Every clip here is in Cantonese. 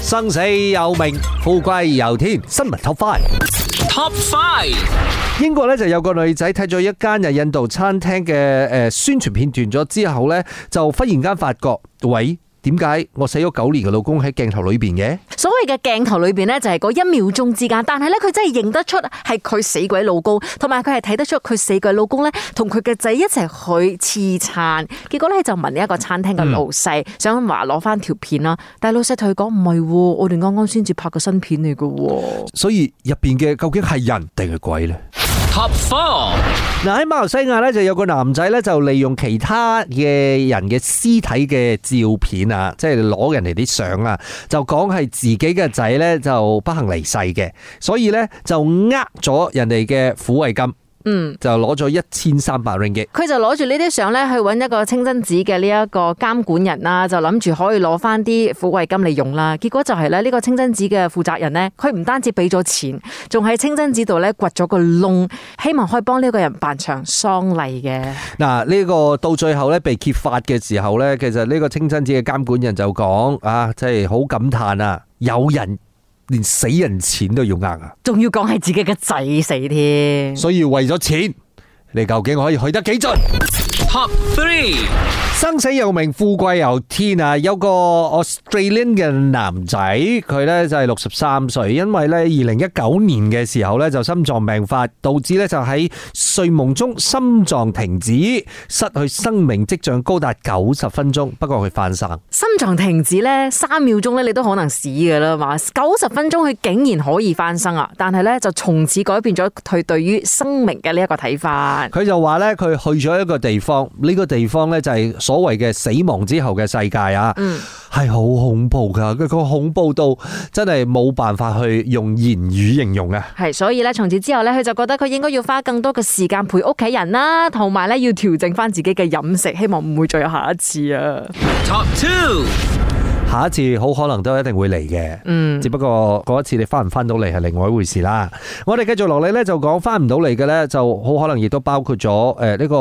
生死有命，富貴由天。新聞 Top Five，Top Five。Top 英國咧就有個女仔睇咗一間日印度餐廳嘅誒宣傳片段咗之後咧，就忽然間發覺，喂。點解我死咗九年嘅老公喺鏡頭裏邊嘅？所謂嘅鏡頭裏邊呢，就係嗰一秒鐘之間，但係咧佢真係認得出係佢死鬼老公，同埋佢係睇得出佢死鬼老公咧同佢嘅仔一齊去刺餐，結果咧就問呢一個餐廳嘅老細，想話攞翻條片啦。但係老細同佢講唔係，我哋啱啱先至拍個新片嚟㗎。所以入邊嘅究竟係人定係鬼咧？嗱，喺馬來西亞咧就有個男仔咧就利用其他嘅人嘅屍體嘅照片啊，即係攞人哋啲相啊，就講係自己嘅仔咧就不幸離世嘅，所以咧就呃咗人哋嘅撫慰金。嗯，就攞咗一千三百 ringgit。佢就攞住呢啲相咧，去揾一個清真寺嘅呢一個監管人啦，就諗住可以攞翻啲撫慰金嚟用啦。結果就係咧，呢個清真寺嘅負責人呢，佢唔單止俾咗錢，仲喺清真寺度呢掘咗個窿，希望可以幫呢個人辦場喪禮嘅。嗱，呢個到最後呢，被揭發嘅時候呢，其實呢個清真寺嘅監管人就講：「啊，即係好感嘆啊，有人。連死人錢都要呃啊，仲要講係自己嘅仔死添，所以為咗錢，你究竟可以去得幾盡？Top three，生死有命，富貴由天啊！有個 Australian 嘅男仔，佢咧，就係六十三歲，因為咧，二零一九年嘅時候咧就心臟病發，導致咧就喺睡夢中心臟停止，失去生命跡象高達九十分鐘。不過佢翻生，心臟停止咧三秒鐘咧你都可能死噶啦嘛，九十分鐘佢竟然可以翻生啊！但係咧就從此改變咗佢對於生命嘅呢一個睇法。佢就話咧佢去咗一個地方。呢個地方呢，就係所謂嘅死亡之後嘅世界啊，嗯，係好恐怖噶，佢、這個恐怖到真係冇辦法去用言語形容啊。係，所以呢，從此之後呢，佢就覺得佢應該要花更多嘅時間陪屋企人啦，啊，同埋呢，要調整翻自己嘅飲食，希望唔會再有下一次啊。Top Two！下一次好可能都一定會嚟嘅。嗯，只不過嗰一次你翻唔翻到嚟係另外一回事啦。我哋繼續落嚟咧，就講翻唔到嚟嘅咧，就好可能亦都包括咗誒呢個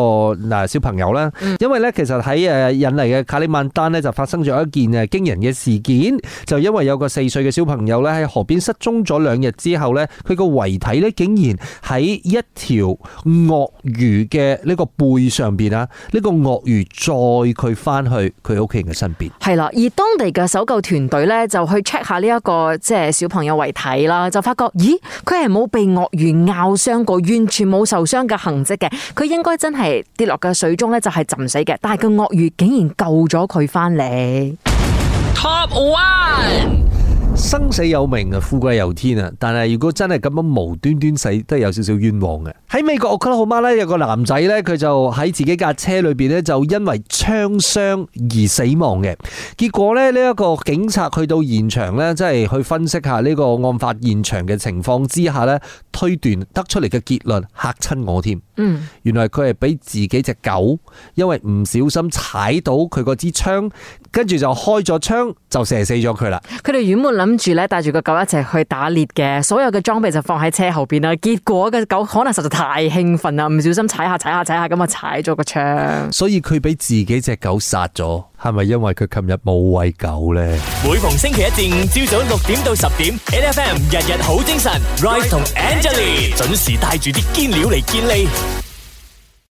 嗱小朋友啦。嗯、因為咧，其實喺誒印尼嘅卡里曼丹咧，就發生咗一件誒驚人嘅事件，就因為有個四歲嘅小朋友咧喺河邊失蹤咗兩日之後咧，佢個遺體咧竟然喺一條鱷魚嘅呢個背上邊啊，呢、呢個鱷魚載佢翻去佢屋企人嘅身邊。係啦，而當地。嘅搜救團隊咧就去 check 下呢、這、一個即係小朋友遺體啦，就發覺咦佢係冇被鱷魚咬傷過，完全冇受傷嘅痕跡嘅，佢應該真係跌落嘅水中咧就係、是、浸死嘅，但係個鱷魚竟然救咗佢返嚟。Top one，生死有命啊，富貴由天啊，但係如果真係咁樣無端端死，都係有少少冤枉嘅。喺美國，Oklahoma 咧，有個男仔咧，佢就喺自己架車裏邊咧，就因為槍傷而死亡嘅。結果咧，呢一個警察去到現場咧，即係去分析下呢個案發現場嘅情況之下咧，推斷得出嚟嘅結論吓親我添。嗯，原來佢係俾自己隻狗，因為唔小心踩到佢嗰支槍，跟住就開咗槍就射死咗佢啦。佢哋原本諗住咧帶住個狗一齊去打獵嘅，所有嘅裝備就放喺車後邊啦。結果個狗可能實在太太興奮啦、啊，唔小心踩下踩下踩下咁啊，踩咗個槍。所以佢俾自己隻狗殺咗，係咪因為佢琴日冇餵狗咧？每逢星期一至五朝早六點到十點，NFM 日日好精神，Rise Right 同 Angelie 準時帶住啲堅料嚟堅你。